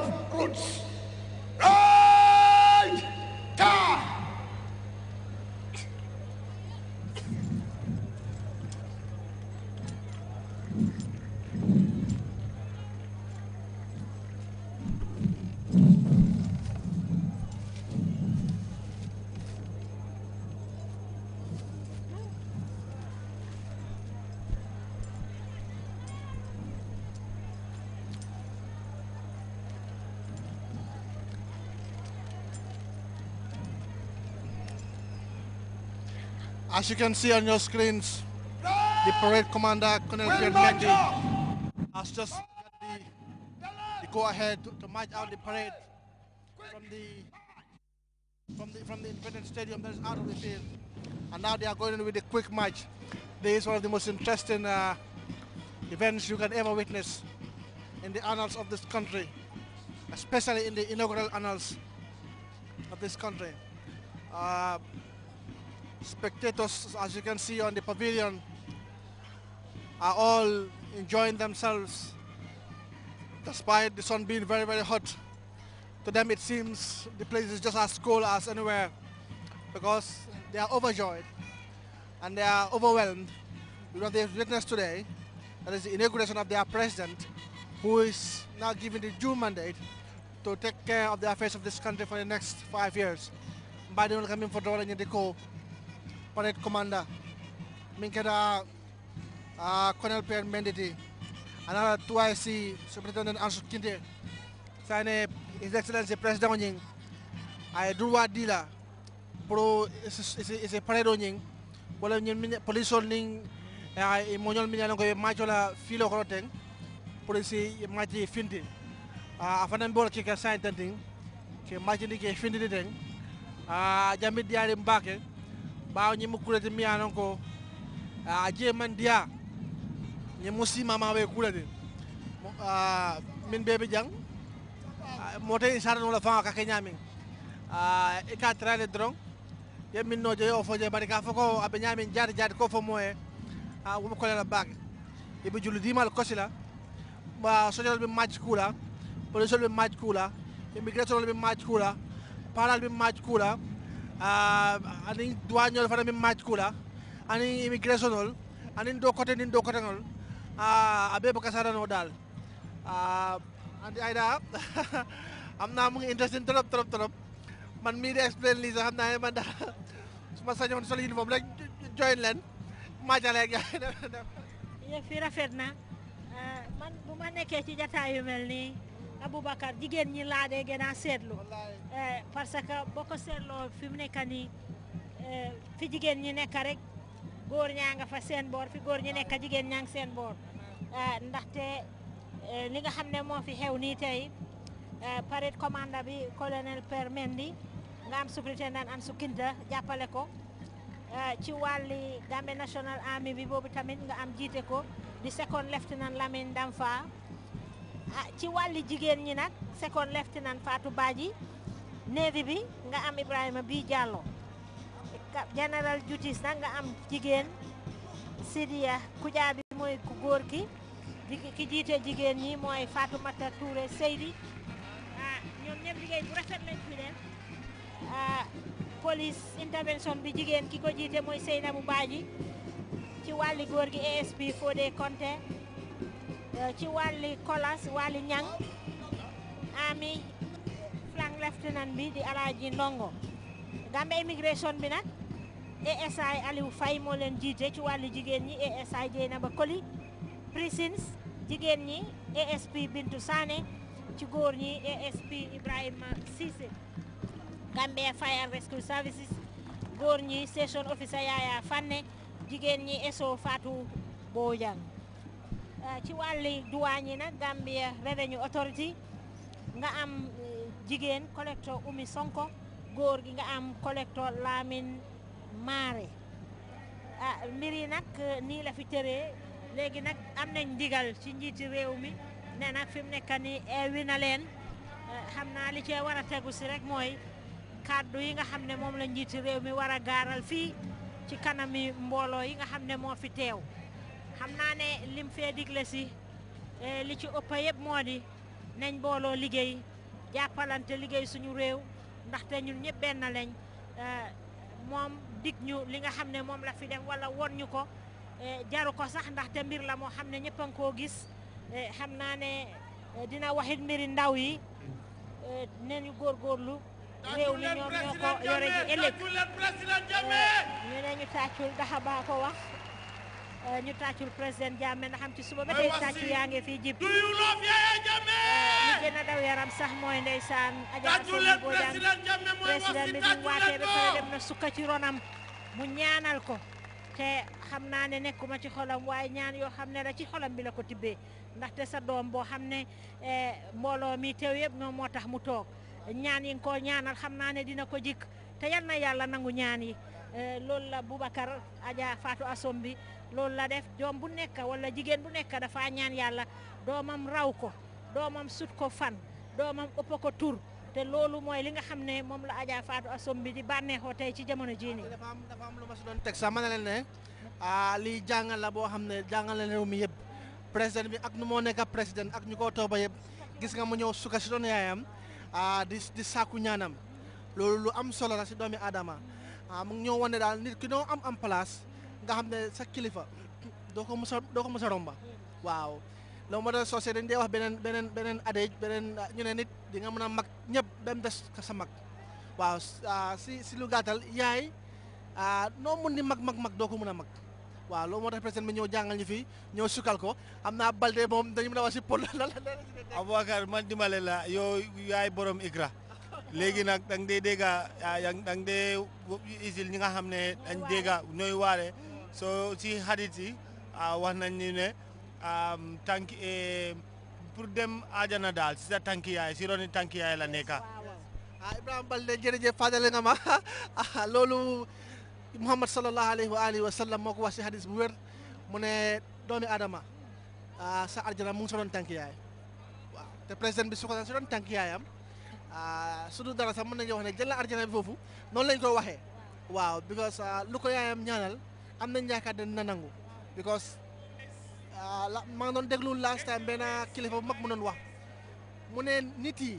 of roots. As you can see on your screens, the parade commander, Colonel Greg has just got the, the go-ahead to, to march out the parade from the from the from the Independence Stadium that is out of the field, and now they are going in with a quick march. This is one of the most interesting uh, events you can ever witness in the annals of this country, especially in the inaugural annals of this country. Uh, spectators, as you can see on the pavilion, are all enjoying themselves despite the sun being very, very hot. To them, it seems the place is just as cool as anywhere because they are overjoyed and they are overwhelmed with what they've witnessed today. That is the inauguration of their president, who is now given the due mandate to take care of the affairs of this country for the next five years. By the way, coming for the parade commander min keda uh, ah, colonel pierre menditi anara si superintendent ansu kinte sane his excellency president ñing ay droit dila pro ese parade ñing wala ñin police on ning ay moñol mi ñan ko machola filo ko ten police machi findi a ah, afana bol ke ka sain tanting ke machi ni ke findi den a ah, jamit diari mbake bao nyimu kulete ko a aje man diya nyimu si mama we kulete min bebe jang mote in no la fa kake kenya min e ka trale drong ye min no je o fo je bari ka foko abe nyamin jar jar ko fo moye a wum ko la bag e be julu dimal kosila ba social be match kula police be match kula immigration be match kula paral be match kula Ah, anin duwañol fana mi maaj kula anin immigration ol anin do côté nin do ngol a ah, be baka sarano dal a ah, aida am na mu interesting trop trop trop man mi de explain li sax na naa man da suma sañoon sol uniforme rek join leen maajale ak yaay iya, yëf fira rafet na man buma ma nekkee ci jataayu mel ni, Aboubacar jigéen ñi laa dee gën a seetlu eh, parce que boo ko seetloo fi mu nekk nii eh, fi jigéen ñi nekk rek góor ñaa nga fa seen boor fi góor ñi nekk jigéen ñaa ngi seen boor eh, ndaxte li nga xam ne moo fi xew nii tey parade commanda bi colonel Père Mendy nga am superintendent Ansou Kinta jàppale ko ci wàlli Gambia National Army bi boobu tamit nga am jiite ko di second lieutenant Lamine Damfa Ah, ci wàlli jigéen ñi nag second faatu Fatou Badji navy bi nga am Ibrahima bi Jallow general justice nag nga am jigéen Sidiya Kuja bi mooy ku góor ki ki jiite jigéen ñi mooy Fatoumata Touré Seydi ah ñoom ñëpp liggéey bu rafet ah, police intervention bi jigéen ki ko jiite mooy Seynabou Badji ci wàlli góor gi ASP Fodé Conté Euh, ci wàlli kolas wàlli ñang ami flank lieutenant bi di alaaji ndongo Gambia immigration bi nag ASI Aliou Faye moo leen jiite ci wàllu jigéen ñi ASI na Koli prisons jigéen ñi ASP Bintu Sané ci góor ñi ASP Ibrahima Cissé Gambia Fire Rescue Services góor ñi station officer Yaya Fanne jigéen ñi SO Fatou Bojang Eh, ci wàlli douane yi nag Gambia Revenue Authority nga am eh, jigéen collector Umi Sonko góor gi nga am collector Lamin Mare ah mbir yi nag eh, nii la fi tëree léegi nag am nañ ndigal ci njiiti réew mi ne nag fi mu nekk nii eewi na leen xam naa li cee war a tegu si rek mooy kàddu yi nga xam ne moom la njiiti réew mi war a gaaral fii ci kanami mbooloo yi nga xam ne moo fi teew xam naa ne lim fee digle si eh, li ci ëpp yëpp moo di nañ booloo liggéey jàppalante liggéey suñu réew ndaxte ñun ñëpp benn lañ eh, moom dig ñu li nga xam ne moom la fi def wala won ñu ko eh, jaru ko sax ndax ndaxte mbir la moo xam ne ñëpp a koo gis xam naa ne dina waxit mbiri ndaw yi nañu góorgóorlu réew mi ñoom ñoo ko yore ji ëllëg ñu ne ñu tàccul daxa baa ko wax Euh, ñu tàccul président Jammeh na xam ci suba ba tey tàccu yaa ngi fii jib duyu euh, daw yaram sax mooy ndeysaan ajaatul boo jàng président bi bi mu waatee ba pare na sukka ci ronam mu ñaanal ko te xam naa ne nekkuma ci xolam waaye ñaan yoo xam ne la ci xolam bi la ko tibbee ndaxte sa doom boo xam ne eh, mbooloo mi teew yëpp ñoom moo tax mu toog ñaan yi ko ñaanal xam naa ne dina ko jikk te yal na yàlla nangu ñaan yi eh, loolu la Boubacar Adja Fatou Assome bi loolu la def doom bu nekk wala jigéen bu nekk dafa ñaan yàlla doomam raw ko doomam sut ko fan doomam ëpp ko tur te loolu mooy li nga xam ne moom la Adja a Assome bi di bànneexoo tey ci jamono jii nii. dafa am dafa am lu ma si doon teg sax ma ne ne ah, lii jàngal la boo xam ne jàngal la réew mi yëpp président bi ak nu moo nekk président ak ñu ko tooba yëpp gis nga mu ñëw suka si doon yaayam ah, di di sàkku ñaanam loolu lu am solo la si doomi aadama ah, mu ñëw wane daal nit ki doo am am place. nga xam ne sa kilifa doo ko mos a doo ko mos a romba waaw loolu moo tax soose dañ dee wax beneen beneen beneen adage beneen ñu ne nit di mën a mag ñëpp ba mu des sa mag waaw si si lu gàttal yaay ah, noo mu ni mag mag mag doo ko mën a mag waaw loo moo tax président bi ñëw jàngal ñu fi ñëw sukkal ko xam naa Balde moom dañu mën a wax si pol la la Aboubacar man dimbale la yoo yaay borom Igra léegi nag dang dee dégga ah, dang nga xam ne dañ dégga ñooy waare so si hadith yi ah, wax nañ ni ne tànk eh, dem ajana daal si sa tànk yaay si roni tànk yaay la nekka ah Ibrahima Balde jërëjëf fàttali nga ma ah, loolu Muhammad sallallahu alayhi wa alihi wa sallam moo ko wax si hadis bu wér mu ne doomi Adama ah, sa arjana mu ngi so doon tànk yaay waaw te président bi su ko si doon tànk yaayam su du dara sax mën nañu wax ne jël la arjana bi foofu noonu lañ ko waxe waaw because lu ko yaayam ñaanal am na yaakaar ne dina nangu because ah, la maa ngi doon déglu last time benn kilifa bu mag mu doon wax mu ne nit yi.